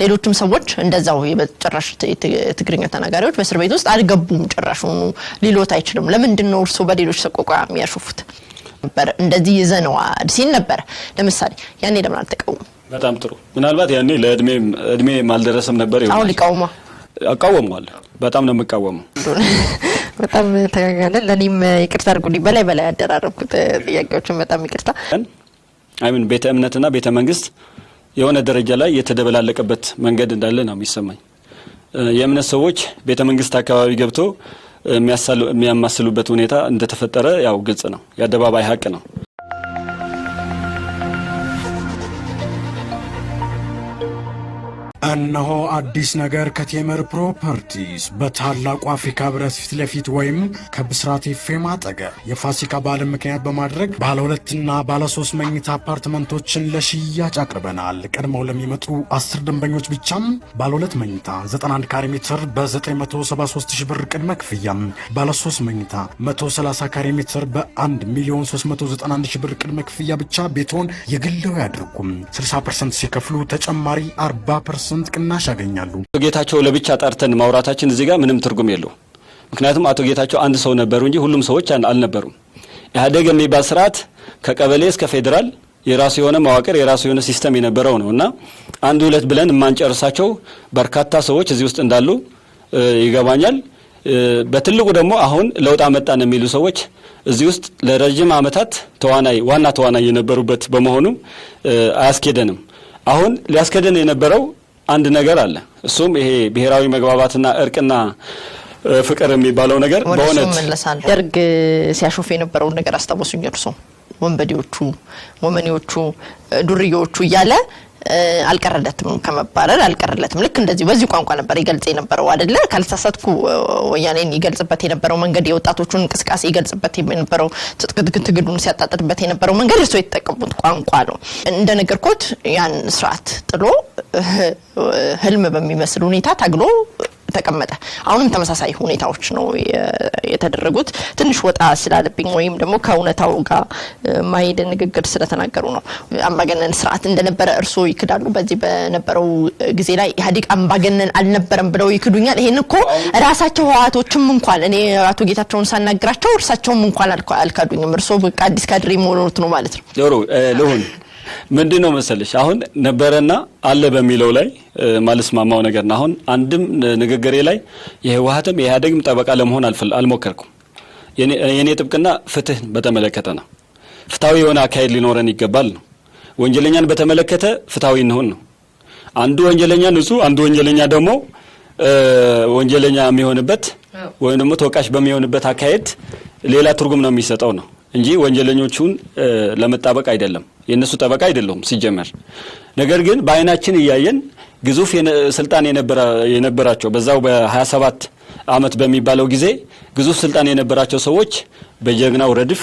ሌሎችም ሰዎች እንደዛው ጭራሽ ትግርኛ ተናጋሪዎች በእስር ቤት ውስጥ አልገቡም ጭራሽ ሆኑ ሊሎት አይችልም። ለምንድን ነው እርስዎ በሌሎች ሰቆቃ የሚያሾፉት ነበር? እንደዚህ ይዘነዋል ሲል ነበር። ለምሳሌ ያኔ ለምን አልተቃወሙ? በጣም ጥሩ። ምናልባት ያኔ ለእድሜም አልደረሰም ነበር። አሁን ሊቃውማ አቃወመዋል። በጣም ነው የምቃወመው። በጣም ተጋጋለን። ለእኔም ይቅርታ አድርጉልኝ። በላይ በላይ ያደራረብኩት ጥያቄዎችን በጣም ይቅርታ። አይምን ቤተ እምነትና ቤተ መንግስት የሆነ ደረጃ ላይ የተደበላለቀበት መንገድ እንዳለ ነው የሚሰማኝ። የእምነት ሰዎች ቤተ መንግስት አካባቢ ገብቶ የሚያማስሉበት ሁኔታ እንደተፈጠረ ያው ግልጽ ነው፣ የአደባባይ ሀቅ ነው። እነሆ አዲስ ነገር ከቴምር ፕሮፐርቲስ በታላቁ አፍሪካ ህብረት ፊት ለፊት ወይም ከብስራት ኤፍኤም አጠገብ የፋሲካ በዓልን ምክንያት በማድረግ ባለ ሁለትና ባለ ሶስት መኝታ አፓርትመንቶችን ለሽያጭ አቅርበናል። ቀድመው ለሚመጡ አስር ደንበኞች ብቻም ባለ ሁለት መኝታ 91 ካሬ ሜትር በ973 ሺህ ብር ቅድመ ክፍያ፣ ባለ ሶስት መኝታ 130 ካሬ ሜትር በ1 ሚሊዮን 391 ሺህ ብር ቅድመ ክፍያ ብቻ ቤትዎን የግለው ያድርጉም። 60 ፐርሰንት ሲከፍሉ ተጨማሪ 40 ፐርሰንት ፐርሰንት ቅናሽ ያገኛሉ። አቶ ጌታቸው ለብቻ ጠርተን ማውራታችን እዚህ ጋር ምንም ትርጉም የለው። ምክንያቱም አቶ ጌታቸው አንድ ሰው ነበሩ እንጂ ሁሉም ሰዎች አልነበሩም። ኢህአዴግ የሚባል ስርዓት ከቀበሌ እስከ ፌዴራል የራሱ የሆነ መዋቅር የራሱ የሆነ ሲስተም የነበረው ነው እና አንድ ሁለት ብለን የማንጨርሳቸው በርካታ ሰዎች እዚህ ውስጥ እንዳሉ ይገባኛል። በትልቁ ደግሞ አሁን ለውጥ አመጣን የሚሉ ሰዎች እዚህ ውስጥ ለረዥም ዓመታት ተዋናይ ዋና ተዋናይ የነበሩበት በመሆኑ አያስኬደንም። አሁን ሊያስኬደን የነበረው አንድ ነገር አለ። እሱም ይሄ ብሔራዊ መግባባትና እርቅና ፍቅር የሚባለው ነገር በእውነት ደርግ ሲያሾፍ የነበረውን ነገር አስታወሱኝ። እርሶ ወንበዴዎቹ፣ ወመኔዎቹ፣ ዱርዬዎቹ እያለ አልቀረለትም ከመባረር አልቀረለትም። ልክ እንደዚህ በዚህ ቋንቋ ነበር ይገልጽ የነበረው አደለ? ካልተሳሳትኩ ወያኔን ይገልጽበት የነበረው መንገድ፣ የወጣቶቹን እንቅስቃሴ ይገልጽበት የነበረው ትጥቅ ትግሉን የነበረው መንገድ እርሶ የተጠቀሙት ቋንቋ ነው። እንደነገርኩት ያን ስርዓት ጥሎ ህልም በሚመስል ሁኔታ ታግሎ ተቀመጠ። አሁንም ተመሳሳይ ሁኔታዎች ነው የተደረጉት። ትንሽ ወጣ ስላለብኝ ወይም ደግሞ ከእውነታው ጋር ማሄድ ንግግር ስለተናገሩ ነው። አምባገነን ስርዓት እንደነበረ እርስዎ ይክዳሉ። በዚህ በነበረው ጊዜ ላይ ኢህአዴግ አምባገነን አልነበረም ብለው ይክዱኛል። ይሄን እኮ ራሳቸው ህወሓቶችም እንኳን እኔ አቶ ጌታቸውን ሳናግራቸው እርሳቸውም እንኳን አልካዱኝም። እርስዎ በቃ አዲስ ካድሬ መሆኑት ነው ማለት ነው። ምንድን ነው መሰለሽ አሁን ነበረና አለ በሚለው ላይ ማልስማማው ነገር ና አሁን አንድም ንግግሬ ላይ የህወሀትም የኢህአዴግም ጠበቃ ለመሆን አልሞከርኩም። የእኔ ጥብቅና ፍትህን በተመለከተ ነው። ፍታዊ የሆነ አካሄድ ሊኖረን ይገባል ነው። ወንጀለኛን በተመለከተ ፍታዊ እንሆን ነው። አንዱ ወንጀለኛ ንጹ አንዱ ወንጀለኛ ደግሞ ወንጀለኛ የሚሆንበት ወይም ደግሞ ተወቃሽ በሚሆንበት አካሄድ ሌላ ትርጉም ነው የሚሰጠው ነው እንጂ ወንጀለኞቹን ለመጣበቅ አይደለም። የእነሱ ጠበቃ አይደለሁም ሲጀመር። ነገር ግን በአይናችን እያየን ግዙፍ ስልጣን የነበራቸው በዛው በ27 ዓመት በሚባለው ጊዜ ግዙፍ ስልጣን የነበራቸው ሰዎች በጀግናው ረድፍ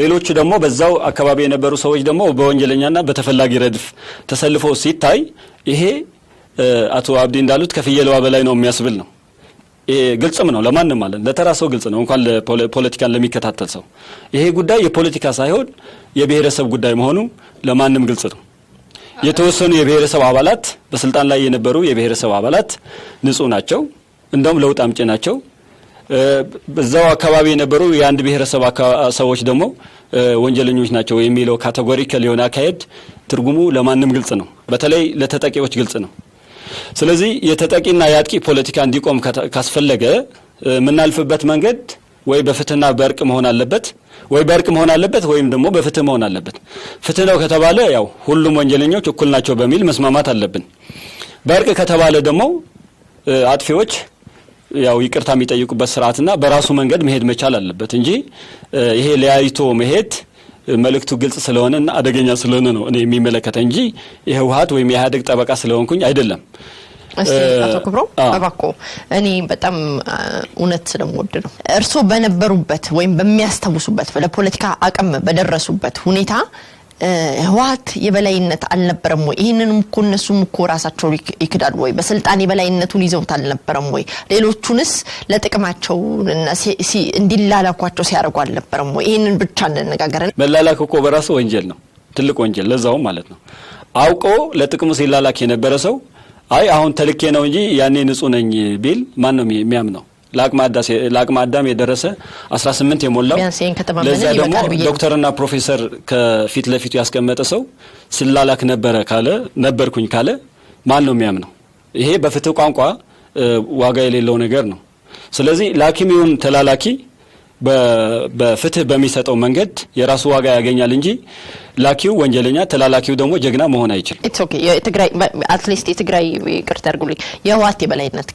ሌሎቹ ደግሞ በዛው አካባቢ የነበሩ ሰዎች ደግሞ በወንጀለኛና በተፈላጊ ረድፍ ተሰልፎ ሲታይ ይሄ አቶ አብዲ እንዳሉት ከፍየለዋ በላይ ነው የሚያስብል ነው። ይሄ ግልጽም ነው ለማንም ማለት ለተራ ሰው ግልጽ ነው፣ እንኳን ፖለቲካን ለሚከታተል ሰው ይሄ ጉዳይ የፖለቲካ ሳይሆን የብሔረሰብ ጉዳይ መሆኑ ለማንም ግልጽ ነው። የተወሰኑ የብሔረሰብ አባላት በስልጣን ላይ የነበሩ የብሔረሰብ አባላት ንጹህ ናቸው፣ እንደውም ለውጥ አምጪ ናቸው። በዛው አካባቢ የነበሩ የአንድ ብሔረሰብ ሰዎች ደግሞ ወንጀለኞች ናቸው የሚለው ካቴጎሪካል የሆነ አካሄድ ትርጉሙ ለማንም ግልጽ ነው፣ በተለይ ለተጠቂዎች ግልጽ ነው። ስለዚህ የተጠቂና የአጥቂ ፖለቲካ እንዲቆም ካስፈለገ የምናልፍበት መንገድ ወይ በፍትህና በእርቅ መሆን አለበት ወይ በእርቅ መሆን አለበት ወይም ደግሞ በፍትህ መሆን አለበት። ፍትህ ነው ከተባለ ያው ሁሉም ወንጀለኞች እኩል ናቸው በሚል መስማማት አለብን። በእርቅ ከተባለ ደግሞ አጥፊዎች ያው ይቅርታ የሚጠይቁበት ስርዓትና በራሱ መንገድ መሄድ መቻል አለበት እንጂ ይሄ ለያይቶ መሄድ መልእክቱ ግልጽ ስለሆነና አደገኛ ስለሆነ ነው እኔ የሚመለከተ እንጂ የህወሀት ወይም የኢህአዴግ ጠበቃ ስለሆንኩኝ አይደለም። አቶ ክብሮ እባክዎ እኔ በጣም እውነት ስለምወድ ነው እርስዎ በነበሩበት ወይም በሚያስታውሱበት ለፖለቲካ አቅም በደረሱበት ሁኔታ ህወሀት የበላይነት አልነበረም ወይ? ይህንንም እኮ እነሱም እኮ ራሳቸው ይክዳሉ ወይ? በስልጣን የበላይነቱን ይዘውት አልነበረም ወይ? ሌሎቹንስ ለጥቅማቸው እንዲላላኳቸው ሲያደርጉ አልነበረም ወይ? ይህንን ብቻ እንነጋገረን። መላላክ እኮ በራሱ ወንጀል ነው፣ ትልቅ ወንጀል ለዛውም ማለት ነው። አውቆ ለጥቅሙ ሲላላክ የነበረ ሰው አይ አሁን ተልኬ ነው እንጂ ያኔ ንጹህ ነኝ ቢል ማን ነው የሚያምነው? ለአቅመ አዳም የደረሰ 18 የሞላው ለዛ ደግሞ ዶክተርና ፕሮፌሰር ከፊት ለፊቱ ያስቀመጠ ሰው ስላላክ ነበረ ካለ ነበርኩኝ ካለ ማን ነው የሚያምነው? ይሄ በፍትህ ቋንቋ ዋጋ የሌለው ነገር ነው። ስለዚህ ላኪም ይሁን ተላላኪ በፍትህ በሚሰጠው መንገድ የራሱ ዋጋ ያገኛል እንጂ ላኪው ወንጀለኛ ተላላኪው ደግሞ ጀግና መሆን አይችልም። ኢትስ የትግራይ አትሊስት የትግራይ ይቅርታ አድርጉልኝ የህወሓት የበላይነት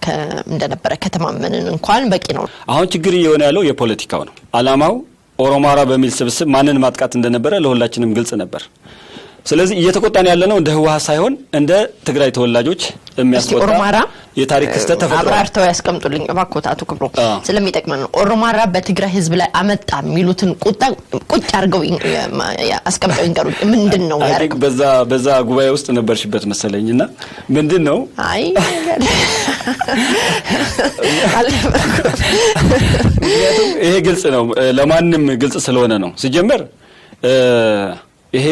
እንደነበረ ከተማመንን እንኳን በቂ ነው። አሁን ችግር እየሆነ ያለው የፖለቲካው ነው። አላማው ኦሮማራ በሚል ስብስብ ማንን ማጥቃት እንደነበረ ለሁላችንም ግልጽ ነበር። ስለዚህ እየተቆጣን ያለ ነው እንደ ህወሓት ሳይሆን እንደ ትግራይ ተወላጆች የሚያስቆጣ የታሪክ ክስተት ተፈጥሯል። አብራርተው ያስቀምጡልኝ እባኮታቱ ክብሮ ስለሚጠቅመን ነው። ኦሮማራ በትግራይ ህዝብ ላይ አመጣ የሚሉትን ቁጣ ቁጭ አድርገው አስቀምጠው ይንገሩ ምንድን ነው በዛ በዛ ጉባኤ ውስጥ ነበርሽበት መሰለኝ እና ምንድን ነው አይ ምክንያቱም ይሄ ግልጽ ነው፣ ለማንም ግልጽ ስለሆነ ነው ሲጀመር ይሄ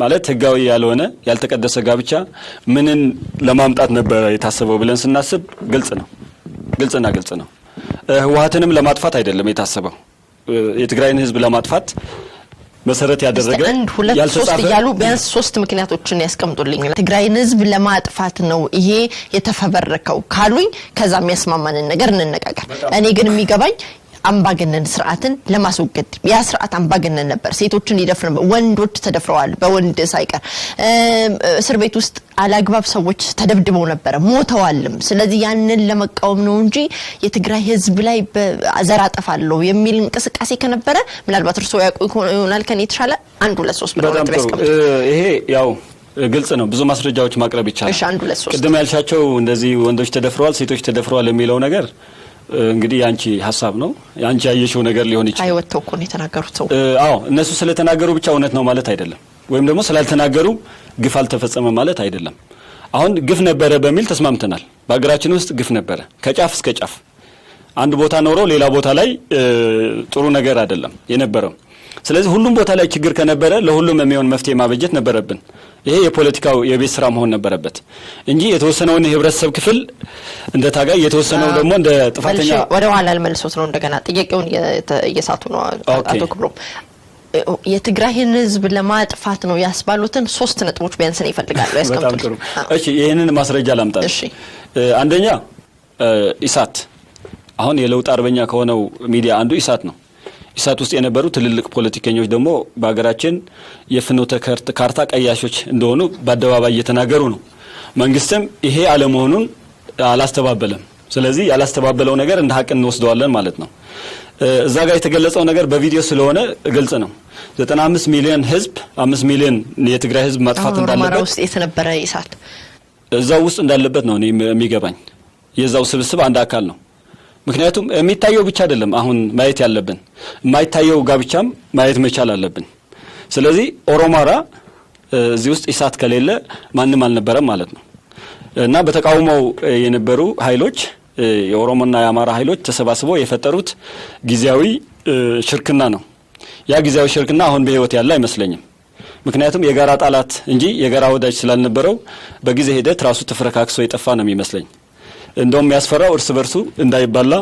ማለት ህጋዊ ያልሆነ ያልተቀደሰ ጋብቻ ምንን ለማምጣት ነበረ የታሰበው ብለን ስናስብ ግልጽ ነው፣ ግልጽና ግልጽ ነው። ህወሀትንም ለማጥፋት አይደለም የታሰበው የትግራይን ህዝብ ለማጥፋት መሰረት ያደረገ አንድ ሁለት ሶስት እያሉ ቢያንስ ሶስት ምክንያቶችን ያስቀምጡልኝ። ትግራይን ህዝብ ለማጥፋት ነው ይሄ የተፈበረከው ካሉኝ ከዛ የሚያስማማንን ነገር እንነጋገር። እኔ ግን የሚገባኝ አምባገነን ስርዓትን ለማስወገድ ያ ስርዓት አምባገነን ነበር። ሴቶችን ይደፍር ወንዶች ተደፍረዋል፣ በወንድ ሳይቀር እስር ቤት ውስጥ አላግባብ ሰዎች ተደብድበው ነበረ፣ ሞተዋልም። ስለዚህ ያንን ለመቃወም ነው እንጂ የትግራይ ህዝብ ላይ ዘር አጠፋለሁ የሚል እንቅስቃሴ ከነበረ ምናልባት እርስዎ ያውቁ ይሆናል ከኔ የተሻለ አንድ ሁለት ሶስት ብለው ይሄ ያው ግልጽ ነው። ብዙ ማስረጃዎች ማቅረብ ይቻላል። ቅድም ያልሻቸው እንደዚህ ወንዶች ተደፍረዋል፣ ሴቶች ተደፍረዋል የሚለው ነገር እንግዲህ የአንቺ ሀሳብ ነው፣ የአንቺ ያየሽው ነገር ሊሆን ይችላል። አይወጥተው እኮ ነው የተናገሩት ሰው። አዎ እነሱ ስለተናገሩ ብቻ እውነት ነው ማለት አይደለም፣ ወይም ደግሞ ስላልተናገሩ ግፍ አልተፈጸመ ማለት አይደለም። አሁን ግፍ ነበረ በሚል ተስማምተናል። በሀገራችን ውስጥ ግፍ ነበረ ከጫፍ እስከ ጫፍ አንድ ቦታ ኖሮ ሌላ ቦታ ላይ ጥሩ ነገር አይደለም የነበረው። ስለዚህ ሁሉም ቦታ ላይ ችግር ከነበረ ለሁሉም የሚሆን መፍትሄ ማበጀት ነበረብን። ይሄ የፖለቲካው የቤት ስራ መሆን ነበረበት እንጂ የተወሰነውን የህብረተሰብ ክፍል እንደ ታጋይ የተወሰነው ደግሞ እንደ ጥፋተኛ ወደ ኋላ ልመልሶት ነው። እንደገና ጥያቄውን እየሳቱ ነው አቶ ክብሮም። የትግራይን ህዝብ ለማጥፋት ነው ያስባሉትን ሶስት ነጥቦች ቢያንስ ነው ይፈልጋሉ ያስቀምጡ። እሺ ይህንን ማስረጃ ላምጣል። አንደኛ ኢሳት አሁን የለውጥ አርበኛ ከሆነው ሚዲያ አንዱ ኢሳት ነው። ኢሳት ውስጥ የነበሩ ትልልቅ ፖለቲከኞች ደግሞ በሀገራችን የፍኖተ ካርታ ቀያሾች እንደሆኑ በአደባባይ እየተናገሩ ነው። መንግስትም ይሄ አለመሆኑን አላስተባበለም። ስለዚህ ያላስተባበለው ነገር እንደ ሀቅ እንወስደዋለን ማለት ነው። እዛ ጋር የተገለጸው ነገር በቪዲዮ ስለሆነ ግልጽ ነው። 95 ሚሊዮን ህዝብ 5 ሚሊዮን የትግራይ ህዝብ ማጥፋት እንዳለበት ውስጥ የተነበረ ኢሳት እዛው ውስጥ እንዳለበት ነው እኔ የሚገባኝ። የዛው ስብስብ አንድ አካል ነው። ምክንያቱም የሚታየው ብቻ አይደለም አሁን ማየት ያለብን፣ የማይታየው ጋብቻም ማየት መቻል አለብን። ስለዚህ ኦሮማራ እዚህ ውስጥ ኢሳት ከሌለ ማንም አልነበረም ማለት ነው እና በተቃውሞው የነበሩ ኃይሎች የኦሮሞና የአማራ ኃይሎች ተሰባስበው የፈጠሩት ጊዜያዊ ሽርክና ነው። ያ ጊዜያዊ ሽርክና አሁን በህይወት ያለ አይመስለኝም። ምክንያቱም የጋራ ጣላት እንጂ የጋራ ወዳጅ ስላልነበረው በጊዜ ሂደት ራሱ ተፈረካክሶ የጠፋ ነው የሚመስለኝ። እንደውም የሚያስፈራው እርስ በርሱ እንዳይባላ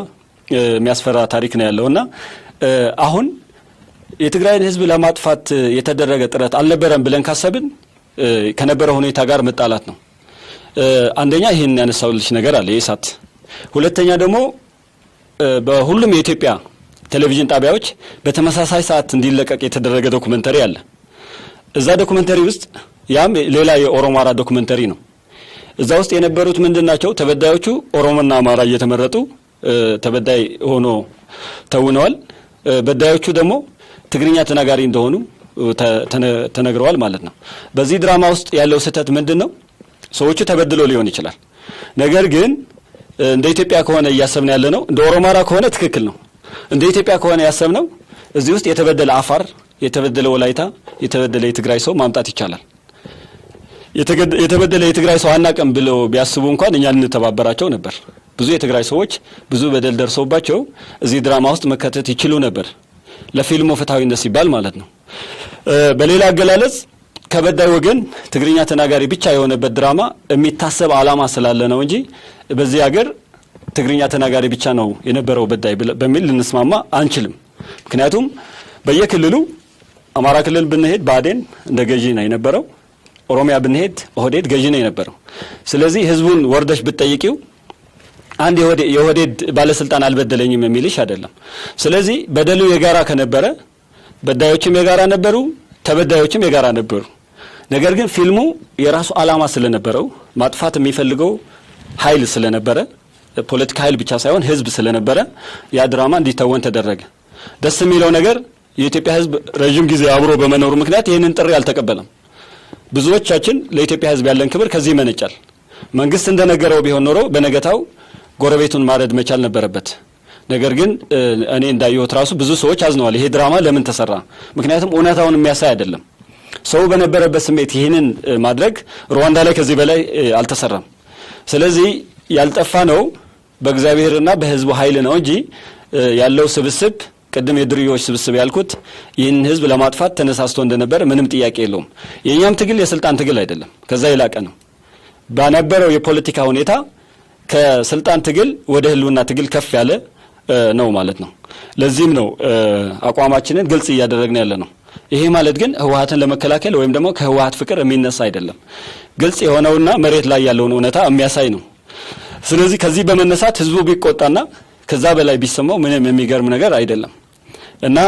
የሚያስፈራ ታሪክ ነው ያለው እና አሁን የትግራይን ህዝብ ለማጥፋት የተደረገ ጥረት አልነበረም ብለን ካሰብን ከነበረ ሁኔታ ጋር መጣላት ነው። አንደኛ ይህን ያነሳውልሽ ነገር አለ የእሳት ሁለተኛ ደግሞ በሁሉም የኢትዮጵያ ቴሌቪዥን ጣቢያዎች በተመሳሳይ ሰዓት እንዲለቀቅ የተደረገ ዶኩመንተሪ አለ። እዛ ዶኩመንተሪ ውስጥ ያም ሌላ የኦሮማራ ዶኩመንተሪ ነው። እዛ ውስጥ የነበሩት ምንድን ናቸው? ተበዳዮቹ ኦሮሞና አማራ እየተመረጡ ተበዳይ ሆኖ ተውነዋል። በዳዮቹ ደግሞ ትግርኛ ተናጋሪ እንደሆኑ ተነግረዋል ማለት ነው። በዚህ ድራማ ውስጥ ያለው ስህተት ምንድን ነው? ሰዎቹ ተበድሎ ሊሆን ይችላል። ነገር ግን እንደ ኢትዮጵያ ከሆነ እያሰብነው ያለ ነው፣ እንደ ኦሮማራ ከሆነ ትክክል ነው። እንደ ኢትዮጵያ ከሆነ ያሰብነው እዚህ ውስጥ የተበደለ አፋር፣ የተበደለ ወላይታ፣ የተበደለ የትግራይ ሰው ማምጣት ይቻላል። የተበደለ የትግራይ ሰው አናቀም ብለው ቢያስቡ እንኳን እኛ ልንተባበራቸው ነበር። ብዙ የትግራይ ሰዎች ብዙ በደል ደርሰውባቸው እዚህ ድራማ ውስጥ መካተት ይችሉ ነበር፣ ለፊልሙ ፍትሐዊነት ሲባል ማለት ነው። በሌላ አገላለጽ ከበዳይ ወገን ትግርኛ ተናጋሪ ብቻ የሆነበት ድራማ የሚታሰብ አላማ ስላለ ነው እንጂ በዚህ ሀገር ትግርኛ ተናጋሪ ብቻ ነው የነበረው በዳይ በሚል ልንስማማ አንችልም። ምክንያቱም በየክልሉ አማራ ክልል ብንሄድ ብአዴን እንደ ገዢ ነው የነበረው። ኦሮሚያ ብንሄድ ኦህዴድ ገዥ ነው የነበረው። ስለዚህ ህዝቡን ወርደሽ ብትጠይቂው አንድ የኦህዴድ ባለስልጣን አልበደለኝም የሚልሽ አይደለም። ስለዚህ በደሉ የጋራ ከነበረ በዳዮችም የጋራ ነበሩ፣ ተበዳዮችም የጋራ ነበሩ። ነገር ግን ፊልሙ የራሱ አላማ ስለነበረው ማጥፋት የሚፈልገው ኃይል ስለነበረ ፖለቲካ ኃይል ብቻ ሳይሆን ህዝብ ስለነበረ ያ ድራማ እንዲተወን ተደረገ። ደስ የሚለው ነገር የኢትዮጵያ ህዝብ ረዥም ጊዜ አብሮ በመኖሩ ምክንያት ይህንን ጥሪ አልተቀበለም። ብዙዎቻችን ለኢትዮጵያ ሕዝብ ያለን ክብር ከዚህ ይመነጫል። መንግስት እንደነገረው ቢሆን ኖሮ በነገታው ጎረቤቱን ማረድ መቻል ነበረበት። ነገር ግን እኔ እንዳየሁት ራሱ ብዙ ሰዎች አዝነዋል። ይሄ ድራማ ለምን ተሰራ? ምክንያቱም እውነታውን የሚያሳይ አይደለም። ሰው በነበረበት ስሜት ይህንን ማድረግ ሩዋንዳ ላይ ከዚህ በላይ አልተሰራም። ስለዚህ ያልጠፋ ነው በእግዚአብሔርና በህዝቡ ኃይል ነው እንጂ ያለው ስብስብ ቅድም የድርዮች ስብስብ ያልኩት ይህን ህዝብ ለማጥፋት ተነሳስቶ እንደነበረ ምንም ጥያቄ የለውም። የእኛም ትግል የስልጣን ትግል አይደለም፣ ከዛ የላቀ ነው። በነበረው የፖለቲካ ሁኔታ ከስልጣን ትግል ወደ ህልውና ትግል ከፍ ያለ ነው ማለት ነው። ለዚህም ነው አቋማችንን ግልጽ እያደረግን ያለ ነው። ይሄ ማለት ግን ህወሀትን ለመከላከል ወይም ደግሞ ከህወሀት ፍቅር የሚነሳ አይደለም። ግልጽ የሆነውና መሬት ላይ ያለውን እውነታ የሚያሳይ ነው። ስለዚህ ከዚህ በመነሳት ህዝቡ ቢቆጣና ከዛ በላይ ቢሰማው ምንም የሚገርም ነገር አይደለም። እና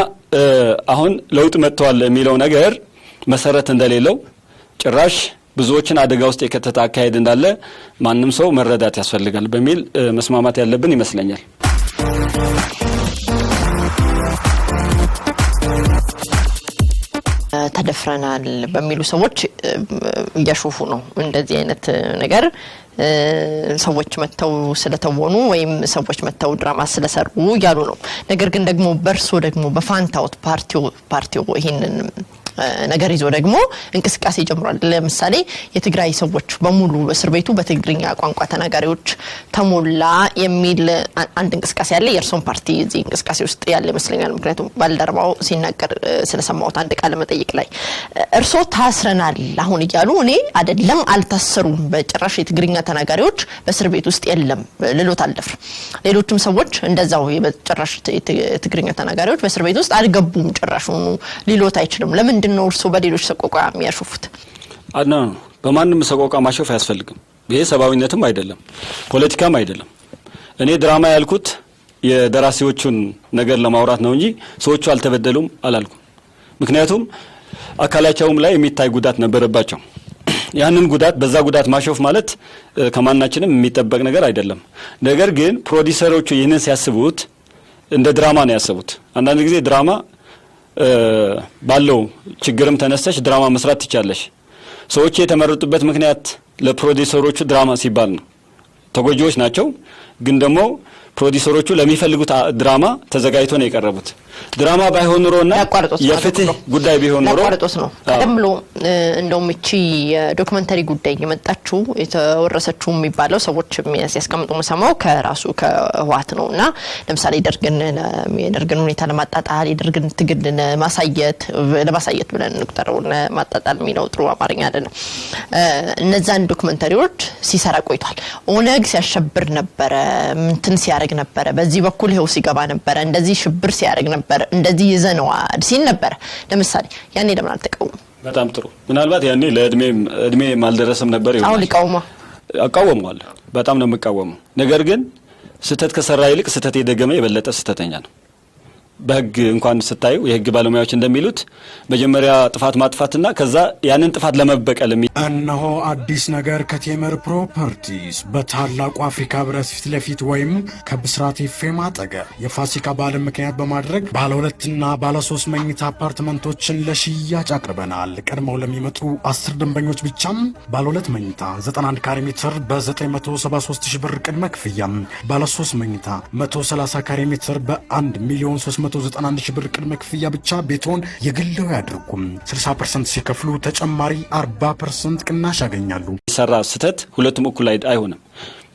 አሁን ለውጥ መጥተዋል የሚለው ነገር መሰረት እንደሌለው ጭራሽ ብዙዎችን አደጋ ውስጥ የከተተ አካሄድ እንዳለ ማንም ሰው መረዳት ያስፈልጋል በሚል መስማማት ያለብን ይመስለኛል። ተደፍረናል በሚሉ ሰዎች እያሾፉ ነው። እንደዚህ አይነት ነገር ሰዎች መጥተው ስለተወኑ ወይም ሰዎች መጥተው ድራማ ስለሰሩ እያሉ ነው። ነገር ግን ደግሞ በእርሶ ደግሞ በፋንታውት ፓርቲው ፓርቲው ይህንን ነገር ይዞ ደግሞ እንቅስቃሴ ጀምሯል። ለምሳሌ የትግራይ ሰዎች በሙሉ እስር ቤቱ በትግርኛ ቋንቋ ተናጋሪዎች ተሞላ የሚል አንድ እንቅስቃሴ አለ። የእርሶን ፓርቲ እዚህ እንቅስቃሴ ውስጥ ያለ ይመስለኛል። ምክንያቱም ባልደረባው ሲናገር ስለሰማሁት አንድ ቃለ መጠይቅ ላይ እርሶ ታስረናል አሁን እያሉ እኔ አይደለም አልታሰሩም፣ በጭራሽ የትግርኛ ተናጋሪዎች በእስር ቤት ውስጥ የለም ልሎት አልደፍር። ሌሎችም ሰዎች እንደዛው በጭራሽ የትግርኛ ተናጋሪዎች በእስር ቤት ውስጥ አልገቡም ሆኑ ሊሎት አይችልም። ለምንድን ለምንድን ነው እርስዎ በሌሎች ሰቆቃ የሚያሾፉት? አና በማንም ሰቆቃ ማሾፍ አያስፈልግም። ይሄ ሰብአዊነትም አይደለም፣ ፖለቲካም አይደለም። እኔ ድራማ ያልኩት የደራሲዎቹን ነገር ለማውራት ነው እንጂ ሰዎቹ አልተበደሉም አላልኩም። ምክንያቱም አካላቸውም ላይ የሚታይ ጉዳት ነበረባቸው። ያንን ጉዳት በዛ ጉዳት ማሾፍ ማለት ከማናችንም የሚጠበቅ ነገር አይደለም። ነገር ግን ፕሮዲሰሮቹ ይህንን ሲያስቡት እንደ ድራማ ነው ያሰቡት። አንዳንድ ጊዜ ድራማ ባለው ችግርም ተነስተሽ ድራማ መስራት ትቻለሽ። ሰዎች የተመረጡበት ምክንያት ለፕሮዲሰሮቹ ድራማ ሲባል ነው። ተጎጂዎች ናቸው፣ ግን ደግሞ ፕሮዲሰሮቹ ለሚፈልጉት ድራማ ተዘጋጅቶ ነው የቀረቡት። ድራማ ባይሆን ኑሮ ና የፍትህ ጉዳይ ቢሆን ኖሮ ያቋርጦት ነው። ቀደም ብሎ እንደውም እቺ የዶክመንተሪ ጉዳይ የመጣችው የተወረሰችው የሚባለው ሰዎች ሲያስቀምጡ የምሰማው ከራሱ ከህወሓት ነው እና ለምሳሌ ደርግን የደርግን ሁኔታ ለማጣጣል የደርግን ትግል ማሳየት ለማሳየት ብለን እንቁጠረው ማጣጣል የሚለው ጥሩ አማርኛ አይደለም። እነዛን ዶክመንተሪዎች ሲሰራ ቆይቷል። ኦነግ ሲያሸብር ነበረ፣ ምንትን ሲያደርግ ነበረ፣ በዚህ በኩል ይኸው ሲገባ ነበረ፣ እንደዚህ ሽብር ሲያደርግ ነበር ነበር፣ እንደዚህ ይዘነዋል ሲል ነበር። ለምሳሌ ያኔ ለምን አልተቃወሙም? በጣም ጥሩ። ምናልባት ያኔ ለእድሜ እድሜም አልደረሰም ነበር። አሁን ሊቃወማ በጣም ነው የምቃወመው። ነገር ግን ስህተት ከሰራ ይልቅ ስህተት የደገመ የበለጠ ስህተተኛ ነው። በህግ እንኳን ስታዩ የህግ ባለሙያዎች እንደሚሉት መጀመሪያ ጥፋት ማጥፋትና ከዛ ያንን ጥፋት ለመበቀል የሚ እነሆ አዲስ ነገር ከቴምር ፕሮፐርቲስ በታላቁ አፍሪካ ብረት ፊት ለፊት ወይም ከብስራት ኤፍኤም አጠገብ የፋሲካ በዓልን ምክንያት በማድረግ ባለ ሁለትና ባለ ሶስት መኝታ አፓርትመንቶችን ለሽያጭ አቅርበናል። ቀድመው ለሚመጡ አስር ደንበኞች ብቻም ባለ ሁለት መኝታ 91 ካሬ ሜትር በ973 ሺ ብር ቅድመ ክፍያም ባለ ሶስት መኝታ 130 ካሬ ሜትር በ1 ሚሊዮን 3 391 ሺህ ብር ቅድመ ክፍያ ብቻ ቤትዎን የግለው ያድርጉም። 60 ሲከፍሉ ተጨማሪ 40 ቅናሽ ያገኛሉ። የሰራ ስህተት ሁለቱም እኩል አይሆንም።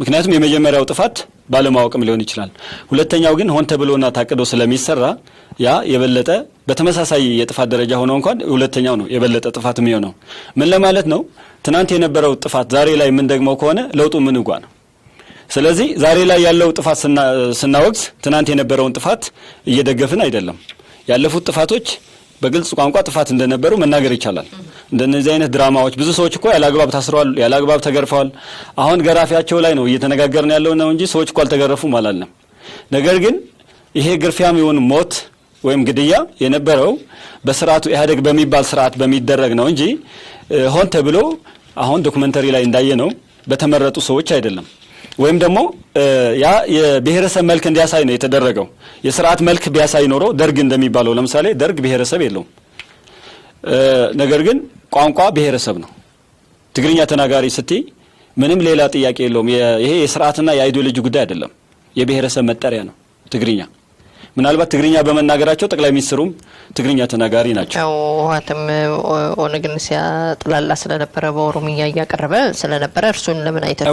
ምክንያቱም የመጀመሪያው ጥፋት ባለማወቅም ሊሆን ይችላል። ሁለተኛው ግን ሆን ተብሎና ታቅዶ ስለሚሰራ ያ የበለጠ በተመሳሳይ የጥፋት ደረጃ ሆነው እንኳን ሁለተኛው ነው የበለጠ ጥፋት የሚሆነው። ምን ለማለት ነው? ትናንት የነበረው ጥፋት ዛሬ ላይ ምን ደግሞ ከሆነ ለውጡ ምን ጓ ነው ስለዚህ ዛሬ ላይ ያለው ጥፋት ስናወግዝ ትናንት የነበረውን ጥፋት እየደገፍን አይደለም። ያለፉት ጥፋቶች በግልጽ ቋንቋ ጥፋት እንደነበሩ መናገር ይቻላል። እንደነዚህ አይነት ድራማዎች ብዙ ሰዎች እኮ ያለአግባብ ታስረዋል፣ ያለአግባብ ተገርፈዋል። አሁን ገራፊያቸው ላይ ነው እየተነጋገርን ያለው ነው እንጂ ሰዎች እኮ አልተገረፉም አላለም። ነገር ግን ይሄ ግርፊያም ይሁን ሞት ወይም ግድያ የነበረው በስርዓቱ ኢህአዴግ በሚባል ስርዓት በሚደረግ ነው እንጂ ሆን ተብሎ አሁን ዶክመንተሪ ላይ እንዳየ ነው በተመረጡ ሰዎች አይደለም። ወይም ደግሞ ያ የብሔረሰብ መልክ እንዲያሳይ ነው የተደረገው። የስርዓት መልክ ቢያሳይ ኖሮ ደርግ እንደሚባለው ለምሳሌ ደርግ ብሔረሰብ የለውም። ነገር ግን ቋንቋ ብሔረሰብ ነው። ትግርኛ ተናጋሪ ስትይ ምንም ሌላ ጥያቄ የለውም። ይሄ የስርዓትና የአይዲዮሎጂ ጉዳይ አይደለም። የብሔረሰብ መጠሪያ ነው ትግርኛ። ምናልባት ትግርኛ በመናገራቸው ጠቅላይ ሚኒስትሩም ትግርኛ ተናጋሪ ናቸው። ህወሓትም ኦነግን ሲያጥላላ ስለነበረ በኦሮምኛ እያቀረበ ስለነበረ እርሱን ለምን አይተ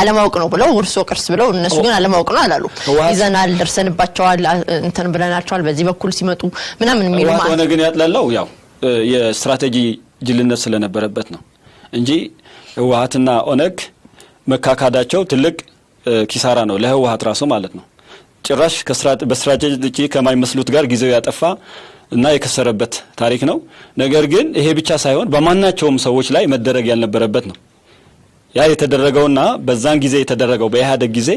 አለማወቅ ነው ብለው እርሶ ቅርስ ብለው እነሱ ግን አለማወቅ ነው አላሉ። ይዘናል፣ ደርሰንባቸዋል፣ እንትን ብለናቸዋል፣ በዚህ በኩል ሲመጡ ምናምን የሚሉ ኦነግን ያጥላላው ያው የስትራቴጂ ጅልነት ስለነበረበት ነው እንጂ ህወሓትና ኦነግ መካካዳቸው ትልቅ ኪሳራ ነው ለህወሓት ራሱ ማለት ነው። ጭራሽ በስራ ከማይመስሉት ጋር ጊዜው ያጠፋ እና የከሰረበት ታሪክ ነው። ነገር ግን ይሄ ብቻ ሳይሆን በማናቸውም ሰዎች ላይ መደረግ ያልነበረበት ነው። ያ የተደረገውና በዛን ጊዜ የተደረገው በኢህአደግ ጊዜ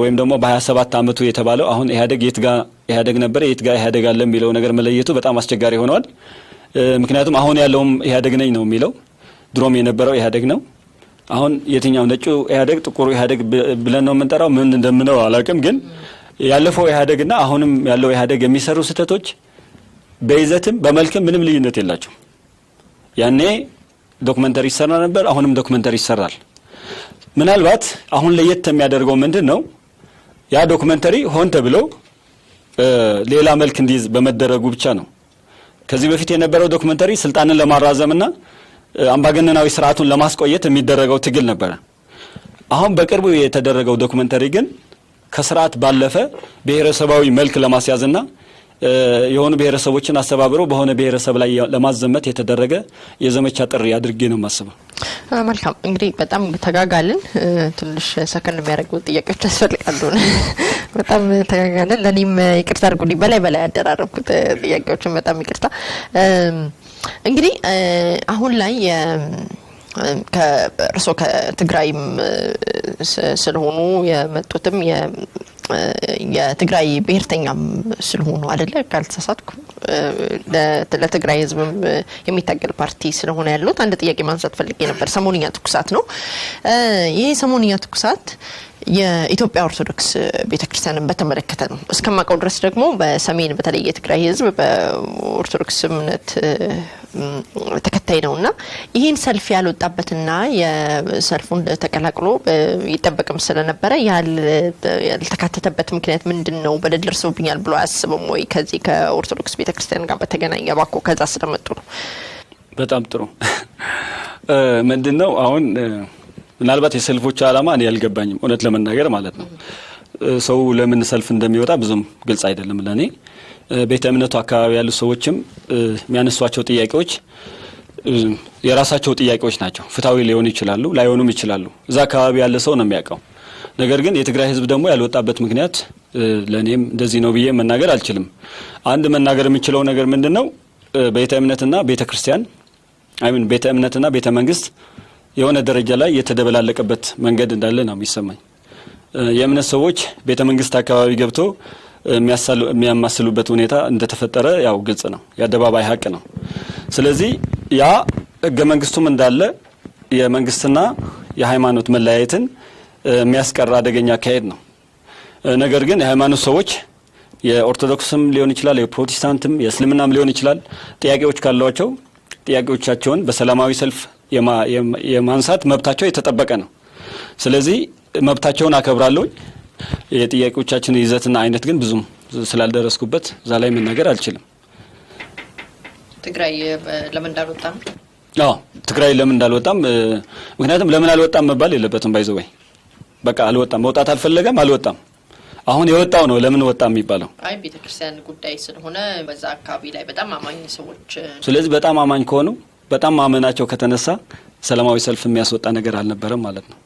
ወይም ደግሞ በ27 ዓመቱ የተባለው አሁን ኢህአደግ የት ጋ ኢህአደግ ነበረ የት ጋ ኢህአደግ አለ የሚለው ነገር መለየቱ በጣም አስቸጋሪ ሆነዋል። ምክንያቱም አሁን ያለውም ኢህአደግ ነኝ ነው የሚለው፣ ድሮም የነበረው ኢህአደግ ነው። አሁን የትኛው ነጩ ኢህአዴግ ጥቁሩ ኢህአዴግ ብለን ነው የምንጠራው? ምን እንደምነው አላውቅም። ግን ያለፈው ኢህአዴግና አሁንም ያለው ኢህአዴግ የሚሰሩ ስህተቶች በይዘትም በመልክም ምንም ልዩነት የላቸው። ያኔ ዶክመንተሪ ይሰራ ነበር፣ አሁንም ዶክመንተሪ ይሰራል። ምናልባት አሁን ለየት የሚያደርገው ምንድን ነው? ያ ዶክመንተሪ ሆን ተብሎ ሌላ መልክ እንዲይዝ በመደረጉ ብቻ ነው። ከዚህ በፊት የነበረው ዶክመንተሪ ስልጣንን ለማራዘምና አምባገነናዊ ስርዓቱን ለማስቆየት የሚደረገው ትግል ነበረ። አሁን በቅርቡ የተደረገው ዶክመንተሪ ግን ከስርዓት ባለፈ ብሔረሰባዊ መልክ ለማስያዝና የሆኑ ብሔረሰቦችን አስተባብሮ በሆነ ብሔረሰብ ላይ ለማዘመት የተደረገ የዘመቻ ጥሪ አድርጌ ነው የማስበው። መልካም እንግዲህ በጣም ተጋጋልን። ትንሽ ሰከን የሚያደርጉ ጥያቄዎች ያስፈልጋሉ። በጣም ተጋጋልን። ለእኔም ይቅርታ አድርጉልኝ፣ በላይ በላይ ያደራረብኩት ጥያቄዎችን በጣም ይቅርታ። እንግዲህ አሁን ላይ እርሶ ከትግራይም ስለሆኑ የመጡትም የትግራይ ብሔርተኛም ስለሆኑ አደለ ካልተሳሳትኩ ለትግራይ ሕዝብም የሚታገል ፓርቲ ስለሆነ ያለት አንድ ጥያቄ ማንሳት ፈልጌ ነበር። ሰሞንኛ ትኩሳት ነው ይህ ሰሞንኛ ትኩሳት የኢትዮጵያ ኦርቶዶክስ ቤተክርስቲያንን በተመለከተ ነው። እስከማውቀው ድረስ ደግሞ በሰሜን በተለይ የትግራይ ሕዝብ በኦርቶዶክስ እምነት ተከታይ ነው እና ይህን ሰልፍ ያልወጣበትና የሰልፉን ተቀላቅሎ ይጠበቅም ስለነበረ ያልተካተተበት ምክንያት ምንድን ነው? በደል ደርሶብኛል ብሎ አያስብም ወይ? ከዚህ ከኦርቶዶክስ ቤተክርስቲያን ጋር በተገናኘ ባኮ ከዛ ስለመጡ ነው። በጣም ጥሩ ምንድን ነው አሁን ምናልባት የሰልፎች ዓላማ እኔ አልገባኝም፣ እውነት ለመናገር ማለት ነው። ሰው ለምን ሰልፍ እንደሚወጣ ብዙም ግልጽ አይደለም ለእኔ። ቤተ እምነቱ አካባቢ ያሉ ሰዎችም የሚያነሷቸው ጥያቄዎች የራሳቸው ጥያቄዎች ናቸው። ፍትሐዊ ሊሆኑ ይችላሉ፣ ላይሆኑም ይችላሉ። እዛ አካባቢ ያለ ሰው ነው የሚያውቀው። ነገር ግን የትግራይ ህዝብ ደግሞ ያልወጣበት ምክንያት ለእኔም እንደዚህ ነው ብዬ መናገር አልችልም። አንድ መናገር የምችለው ነገር ምንድን ነው ቤተ እምነትና ቤተ ክርስቲያን ቤተ እምነትና ቤተ መንግስት የሆነ ደረጃ ላይ የተደበላለቀበት መንገድ እንዳለ ነው የሚሰማኝ። የእምነት ሰዎች ቤተ መንግስት አካባቢ ገብቶ የሚያማስሉበት ሁኔታ እንደተፈጠረ ያው ግልጽ ነው፣ የአደባባይ ሀቅ ነው። ስለዚህ ያ ህገ መንግስቱም እንዳለ የመንግስትና የሃይማኖት መለያየትን የሚያስቀር አደገኛ አካሄድ ነው። ነገር ግን የሃይማኖት ሰዎች የኦርቶዶክስም ሊሆን ይችላል፣ የፕሮቴስታንትም የእስልምናም ሊሆን ይችላል። ጥያቄዎች ካሏቸው ጥያቄዎቻቸውን በሰላማዊ ሰልፍ የማንሳት መብታቸው የተጠበቀ ነው። ስለዚህ መብታቸውን አከብራለሁ። የጥያቄዎቻችን ይዘትና አይነት ግን ብዙም ስላልደረስኩበት እዛ ላይ መናገር አልችልም። ትግራይ ለምን እንዳልወጣም አዎ ትግራይ ለምን እንዳልወጣም ምክንያቱም ለምን አልወጣም መባል የለበትም። ባይዘወይ በቃ አልወጣም፣ መውጣት አልፈለገም፣ አልወጣም። አሁን የወጣው ነው ለምን ወጣ የሚባለው። አይ ቤተክርስቲያን ጉዳይ ስለሆነ በዛ አካባቢ ላይ በጣም አማኝ ሰዎች ስለዚህ በጣም አማኝ ከሆኑ በጣም ማመናቸው ከተነሳ ሰላማዊ ሰልፍ የሚያስወጣ ነገር አልነበረም ማለት ነው።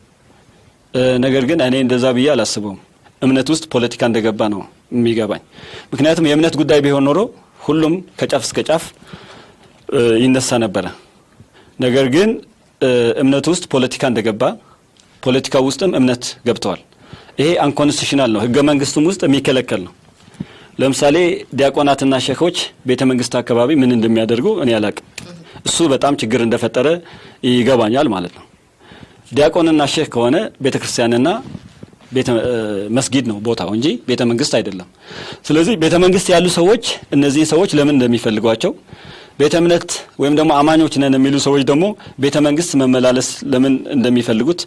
ነገር ግን እኔ እንደዛ ብዬ አላስበውም። እምነት ውስጥ ፖለቲካ እንደገባ ነው የሚገባኝ። ምክንያቱም የእምነት ጉዳይ ቢሆን ኖሮ ሁሉም ከጫፍ እስከ ጫፍ ይነሳ ነበረ። ነገር ግን እምነት ውስጥ ፖለቲካ እንደገባ፣ ፖለቲካ ውስጥም እምነት ገብተዋል። ይሄ አንኮንስቲሽናል ነው፣ ህገ መንግስቱም ውስጥ የሚከለከል ነው። ለምሳሌ ዲያቆናትና ሸኮች ቤተ መንግስት አካባቢ ምን እንደሚያደርጉ እኔ አላቅም። እሱ በጣም ችግር እንደፈጠረ ይገባኛል ማለት ነው። ዲያቆንና ሼህ ከሆነ ቤተ ክርስቲያንና መስጊድ ነው ቦታው እንጂ ቤተ መንግስት አይደለም። ስለዚህ ቤተ መንግስት ያሉ ሰዎች እነዚህን ሰዎች ለምን እንደሚፈልጓቸው ቤተ እምነት ወይም ደግሞ አማኞች ነን የሚሉ ሰዎች ደግሞ ቤተ መንግስት መመላለስ ለምን እንደሚፈልጉት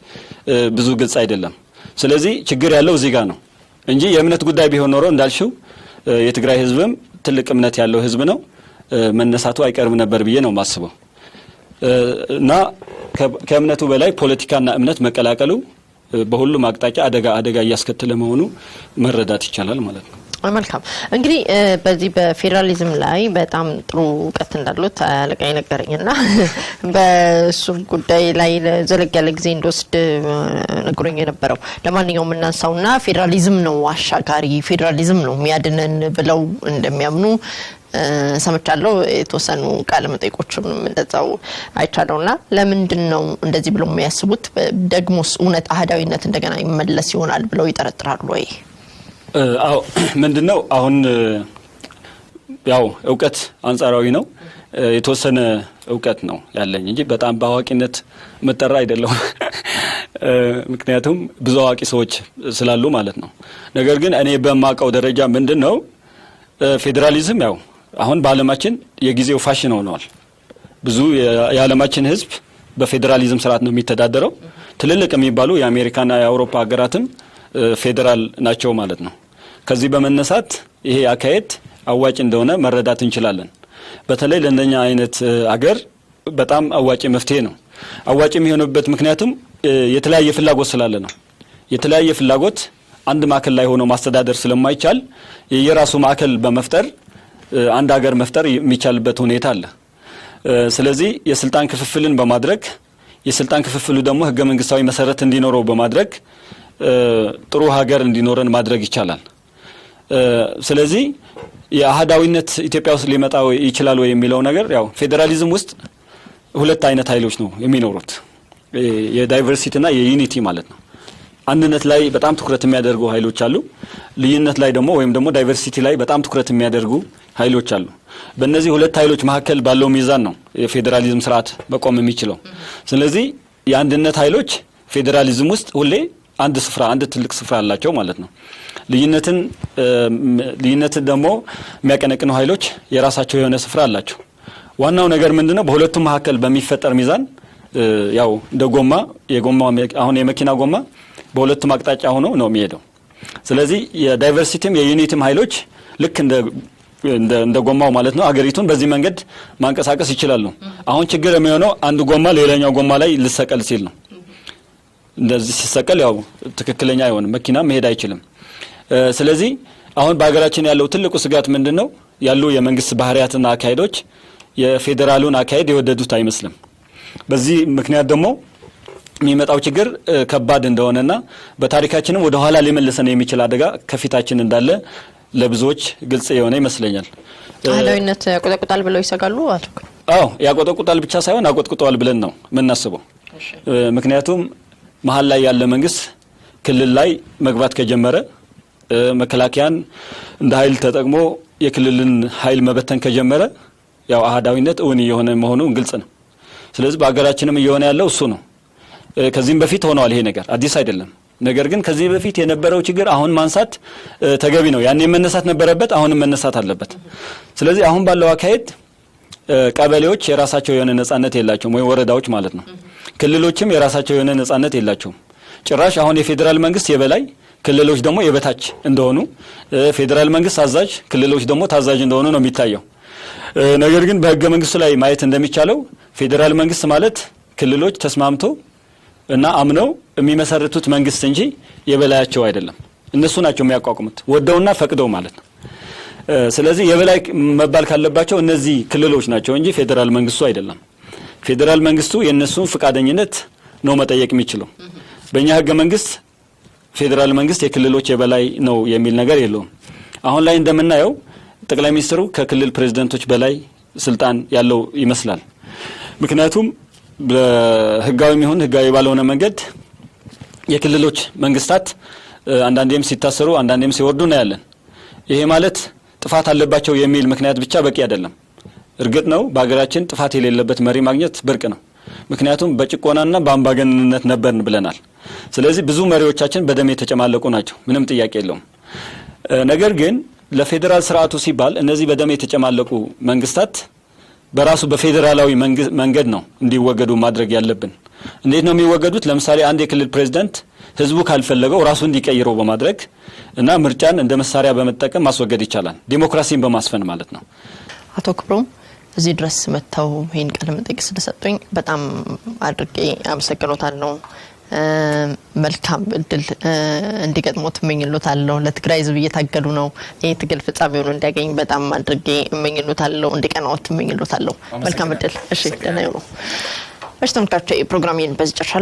ብዙ ግልጽ አይደለም። ስለዚህ ችግር ያለው እዚህ ጋር ነው እንጂ የእምነት ጉዳይ ቢሆን ኖሮ እንዳልሽው የትግራይ ህዝብም ትልቅ እምነት ያለው ህዝብ ነው። መነሳቱ አይቀርም ነበር ብዬ ነው የማስበው እና ከእምነቱ በላይ ፖለቲካና እምነት መቀላቀሉ በሁሉም አቅጣጫ አደጋ አደጋ እያስከተለ መሆኑ መረዳት ይቻላል ማለት ነው። መልካም እንግዲህ በዚህ በፌዴራሊዝም ላይ በጣም ጥሩ እውቀት እንዳሉት አለቃ ነገረኝ ና በእሱም ጉዳይ ላይ ዘለግ ያለ ጊዜ እንደወስድ ነግሮኝ የነበረው ለማንኛውም እናንሳው ና ፌዴራሊዝም ነው አሻጋሪ ፌዴራሊዝም ነው የሚያድነን ብለው እንደሚያምኑ ሰምቻለሁ። የተወሰኑ ቃለ መጠይቆችም እንደዛው አይቻለው ና ለምንድን ነው እንደዚህ ብለው የሚያስቡት? ደግሞስ እውነት አህዳዊነት እንደገና ይመለስ ይሆናል ብለው ይጠረጥራሉ ወይ? አዎ ምንድን ነው አሁን ያው እውቀት አንጻራዊ ነው። የተወሰነ እውቀት ነው ያለኝ እንጂ በጣም በአዋቂነት መጠራ አይደለሁም። ምክንያቱም ብዙ አዋቂ ሰዎች ስላሉ ማለት ነው። ነገር ግን እኔ በማውቀው ደረጃ ምንድን ነው ፌዴራሊዝም ያው አሁን በአለማችን የጊዜው ፋሽን ሆነዋል። ብዙ የዓለማችን ህዝብ በፌዴራሊዝም ስርዓት ነው የሚተዳደረው። ትልልቅ የሚባሉ የአሜሪካና የአውሮፓ ሀገራትም ፌዴራል ናቸው ማለት ነው። ከዚህ በመነሳት ይሄ አካሄድ አዋጭ እንደሆነ መረዳት እንችላለን። በተለይ ለእንደኛ አይነት አገር በጣም አዋጭ መፍትሄ ነው። አዋጭ የሚሆንበት ምክንያቱም የተለያየ ፍላጎት ስላለ ነው። የተለያየ ፍላጎት አንድ ማዕከል ላይ ሆኖ ማስተዳደር ስለማይቻል የየራሱ ማዕከል በመፍጠር አንድ ሀገር መፍጠር የሚቻልበት ሁኔታ አለ። ስለዚህ የስልጣን ክፍፍልን በማድረግ የስልጣን ክፍፍሉ ደግሞ ህገ መንግስታዊ መሰረት እንዲኖረው በማድረግ ጥሩ ሀገር እንዲኖረን ማድረግ ይቻላል። ስለዚህ የአህዳዊነት ኢትዮጵያ ውስጥ ሊመጣ ይችላል ወይ የሚለው ነገር ያው ፌዴራሊዝም ውስጥ ሁለት አይነት ኃይሎች ነው የሚኖሩት፣ የዳይቨርሲቲና የዩኒቲ ማለት ነው። አንድነት ላይ በጣም ትኩረት የሚያደርጉ ኃይሎች አሉ። ልዩነት ላይ ደግሞ ወይም ደግሞ ዳይቨርሲቲ ላይ በጣም ትኩረት የሚያደርጉ ኃይሎች አሉ። በእነዚህ ሁለት ኃይሎች መካከል ባለው ሚዛን ነው የፌዴራሊዝም ስርዓት መቆም የሚችለው። ስለዚህ የአንድነት ኃይሎች ፌዴራሊዝም ውስጥ ሁሌ አንድ ስፍራ አንድ ትልቅ ስፍራ አላቸው ማለት ነው። ልዩነትን ልዩነትን ደግሞ የሚያቀነቅኑ ኃይሎች የራሳቸው የሆነ ስፍራ አላቸው። ዋናው ነገር ምንድነው? በሁለቱም መካከል በሚፈጠር ሚዛን ያው እንደ ጎማ የጎማ አሁን የመኪና ጎማ በሁለቱም አቅጣጫ ሆኖ ነው የሚሄደው። ስለዚህ የዳይቨርሲቲም የዩኒቲም ኃይሎች ልክ እንደ እንደ ጎማው ማለት ነው አገሪቱን በዚህ መንገድ ማንቀሳቀስ ይችላሉ። አሁን ችግር የሚሆነው አንድ ጎማ ሌላኛው ጎማ ላይ ልሰቀል ሲል ነው። እንደዚህ ሲሰቀል ያው ትክክለኛ አይሆንም፣ መኪና መሄድ አይችልም። ስለዚህ አሁን በሀገራችን ያለው ትልቁ ስጋት ምንድን ነው? ያሉ የመንግስት ባህሪያትና አካሄዶች የፌዴራሉን አካሄድ የወደዱት አይመስልም። በዚህ ምክንያት ደግሞ የሚመጣው ችግር ከባድ እንደሆነና በታሪካችንም ወደ ኋላ ሊመልሰን የሚችል አደጋ ከፊታችን እንዳለ ለብዙዎች ግልጽ የሆነ ይመስለኛል። ባህላዊነት ያቆጠቁጣል ብለው ይሰጋሉ። አዎ ያቆጠቁጣል ብቻ ሳይሆን አቆጥቁጠዋል ብለን ነው የምናስበው። ምክንያቱም መሀል ላይ ያለ መንግስት ክልል ላይ መግባት ከጀመረ መከላከያን እንደ ኃይል ተጠቅሞ የክልልን ኃይል መበተን ከጀመረ ያው አህዳዊነት እውን እየሆነ መሆኑ ግልጽ ነው። ስለዚህ በሀገራችንም እየሆነ ያለው እሱ ነው። ከዚህም በፊት ሆነዋል። ይሄ ነገር አዲስ አይደለም። ነገር ግን ከዚህ በፊት የነበረው ችግር አሁን ማንሳት ተገቢ ነው። ያኔ መነሳት ነበረበት፣ አሁንም መነሳት አለበት። ስለዚህ አሁን ባለው አካሄድ ቀበሌዎች የራሳቸው የሆነ ነጻነት የላቸውም፣ ወይም ወረዳዎች ማለት ነው። ክልሎችም የራሳቸው የሆነ ነጻነት የላቸውም። ጭራሽ አሁን የፌዴራል መንግስት የበላይ ክልሎች ደግሞ የበታች እንደሆኑ፣ ፌዴራል መንግስት አዛዥ ክልሎች ደግሞ ታዛዥ እንደሆኑ ነው የሚታየው። ነገር ግን በህገ መንግስቱ ላይ ማየት እንደሚቻለው ፌዴራል መንግስት ማለት ክልሎች ተስማምቶ እና አምነው የሚመሰርቱት መንግስት እንጂ የበላያቸው አይደለም። እነሱ ናቸው የሚያቋቁሙት ወደውና ፈቅደው ማለት ነው። ስለዚህ የበላይ መባል ካለባቸው እነዚህ ክልሎች ናቸው እንጂ ፌዴራል መንግስቱ አይደለም። ፌዴራል መንግስቱ የእነሱን ፈቃደኝነት ነው መጠየቅ የሚችለው። በእኛ ህገ መንግስት ፌዴራል መንግስት የክልሎች የበላይ ነው የሚል ነገር የለውም። አሁን ላይ እንደምናየው ጠቅላይ ሚኒስትሩ ከክልል ፕሬዚደንቶች በላይ ስልጣን ያለው ይመስላል። ምክንያቱም በህጋዊ የሚሆን ህጋዊ ባልሆነ መንገድ የክልሎች መንግስታት አንዳንዴም ሲታሰሩ አንዳንዴም ሲወርዱ እናያለን። ይሄ ማለት ጥፋት አለባቸው የሚል ምክንያት ብቻ በቂ አይደለም። እርግጥ ነው በሀገራችን ጥፋት የሌለበት መሪ ማግኘት ብርቅ ነው። ምክንያቱም በጭቆናና በአምባገንነት ነበርን ብለናል። ስለዚህ ብዙ መሪዎቻችን በደም የተጨማለቁ ናቸው፣ ምንም ጥያቄ የለውም። ነገር ግን ለፌዴራል ስርዓቱ ሲባል እነዚህ በደም የተጨማለቁ መንግስታት በራሱ በፌዴራላዊ መንገድ ነው እንዲወገዱ ማድረግ ያለብን። እንዴት ነው የሚወገዱት? ለምሳሌ አንድ የክልል ፕሬዝደንት ህዝቡ ካልፈለገው ራሱ እንዲቀይረው በማድረግ እና ምርጫን እንደ መሳሪያ በመጠቀም ማስወገድ ይቻላል፣ ዲሞክራሲን በማስፈን ማለት ነው። አቶ ክብሮም እዚህ ድረስ መጥተው ይህን ቃለ መጠይቅ ስለሰጡኝ በጣም አድርጌ አመሰግኖታለሁ። መልካም እድል እንዲገጥሞት እመኝሎታለሁ። ለትግራይ ሕዝብ እየታገሉ ነው። ይህ ትግል ፍጻሜውን እንዲያገኝ በጣም አድርጌ እመኝሎታለሁ። እንዲቀናዎት እመኝሎታለሁ። መልካም እድል። እሺ፣ ደህና ይሁኑ። እሺ፣ ተመልካቾች ፕሮግራሜን በዚህ ጨርሻለሁ።